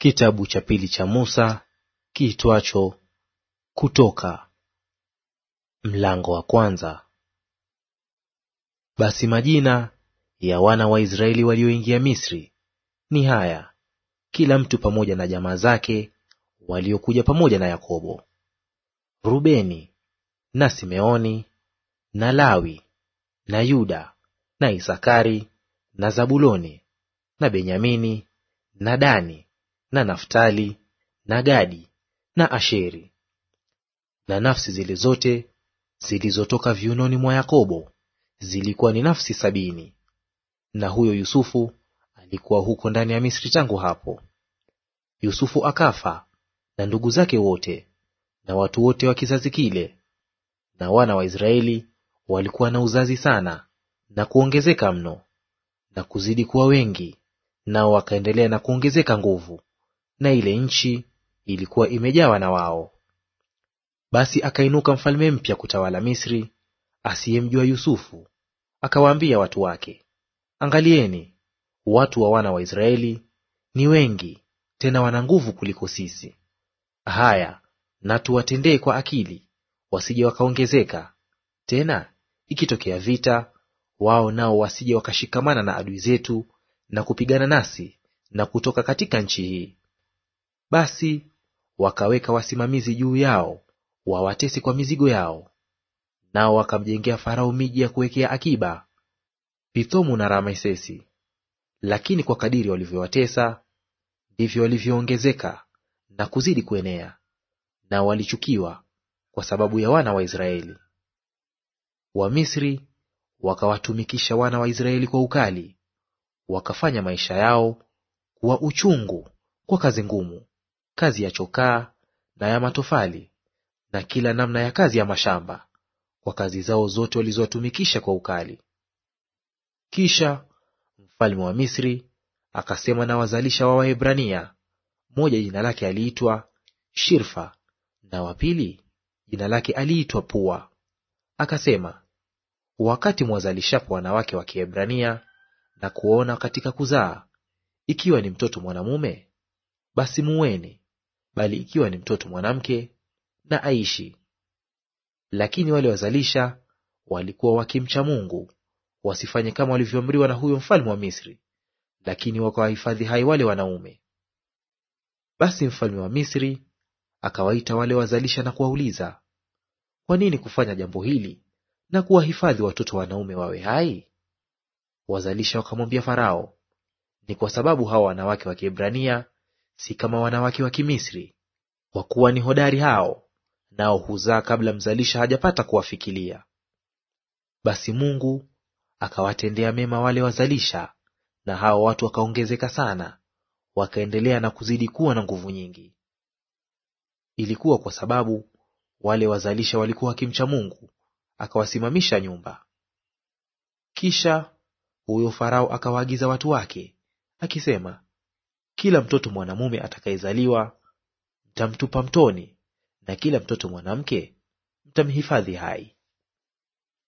Kitabu cha pili cha Musa kiitwacho Kutoka, mlango wa kwanza. Basi majina ya wana wa Israeli walioingia Misri ni haya, kila mtu pamoja na jamaa zake waliokuja pamoja na Yakobo: Rubeni na Simeoni na Lawi na Yuda na Isakari na Zabuloni na Benyamini na Dani na Naftali na Gadi na Asheri na nafsi zile zote zilizotoka viunoni mwa Yakobo zilikuwa ni nafsi sabini. Na huyo Yusufu alikuwa huko ndani ya Misri tangu hapo. Yusufu akafa na ndugu zake wote na watu wote wa kizazi kile, na wana wa Israeli walikuwa na uzazi sana na kuongezeka mno na kuzidi kuwa wengi, nao wakaendelea na kuongezeka nguvu na ile nchi ilikuwa imejawa na wao. Basi akainuka mfalme mpya kutawala Misri, asiyemjua Yusufu, akawaambia watu wake, Angalieni, watu wa wana wa Israeli ni wengi, tena wana nguvu kuliko sisi. Haya, na tuwatendee kwa akili, wasije wakaongezeka; tena ikitokea vita, wao nao wasije wakashikamana na adui zetu na kupigana nasi na kutoka katika nchi hii. Basi wakaweka wasimamizi juu yao wawatesi kwa mizigo yao. Nao wakamjengea Farao miji ya kuwekea akiba, Pithomu na Ramesesi. Lakini kwa kadiri walivyowatesa, ndivyo walivyoongezeka na kuzidi kuenea, nao walichukiwa kwa sababu ya wana wa Israeli. Wamisri wakawatumikisha wana wa Israeli kwa ukali, wakafanya maisha yao kuwa uchungu kwa kazi ngumu, kazi ya chokaa na ya matofali na kila namna ya kazi ya mashamba, kwa kazi zao zote walizowatumikisha kwa ukali. Kisha mfalme wa Misri akasema na wazalisha wa Waebrania, mmoja jina lake aliitwa Shirfa na wa pili jina lake aliitwa Pua. Akasema, wakati mwazalishapo wanawake wa Kiebrania na kuona katika kuzaa, ikiwa ni mtoto mwanamume, basi muweni, bali ikiwa ni mtoto mwanamke na aishi. Lakini wale wazalisha walikuwa wakimcha Mungu, wasifanye kama walivyoamriwa na huyo mfalme wa Misri, lakini wakawahifadhi hai wale wanaume. Basi mfalme wa Misri akawaita wale wazalisha na kuwauliza, kwa nini kufanya jambo hili na kuwahifadhi watoto wanaume wawe hai? Wazalisha wakamwambia Farao, ni kwa sababu hawa wanawake wa Kiebrania si kama wanawake wa Kimisri, kwa kuwa ni hodari hao, nao huzaa kabla mzalisha hajapata kuwafikilia. Basi Mungu akawatendea mema wale wazalisha, na hao watu wakaongezeka sana, wakaendelea na kuzidi kuwa na nguvu nyingi. Ilikuwa kwa sababu wale wazalisha walikuwa wakimcha Mungu, akawasimamisha nyumba. Kisha huyo Farao akawaagiza watu wake akisema, kila mtoto mwanamume atakayezaliwa mtamtupa mtoni, na kila mtoto mwanamke mtamhifadhi hai.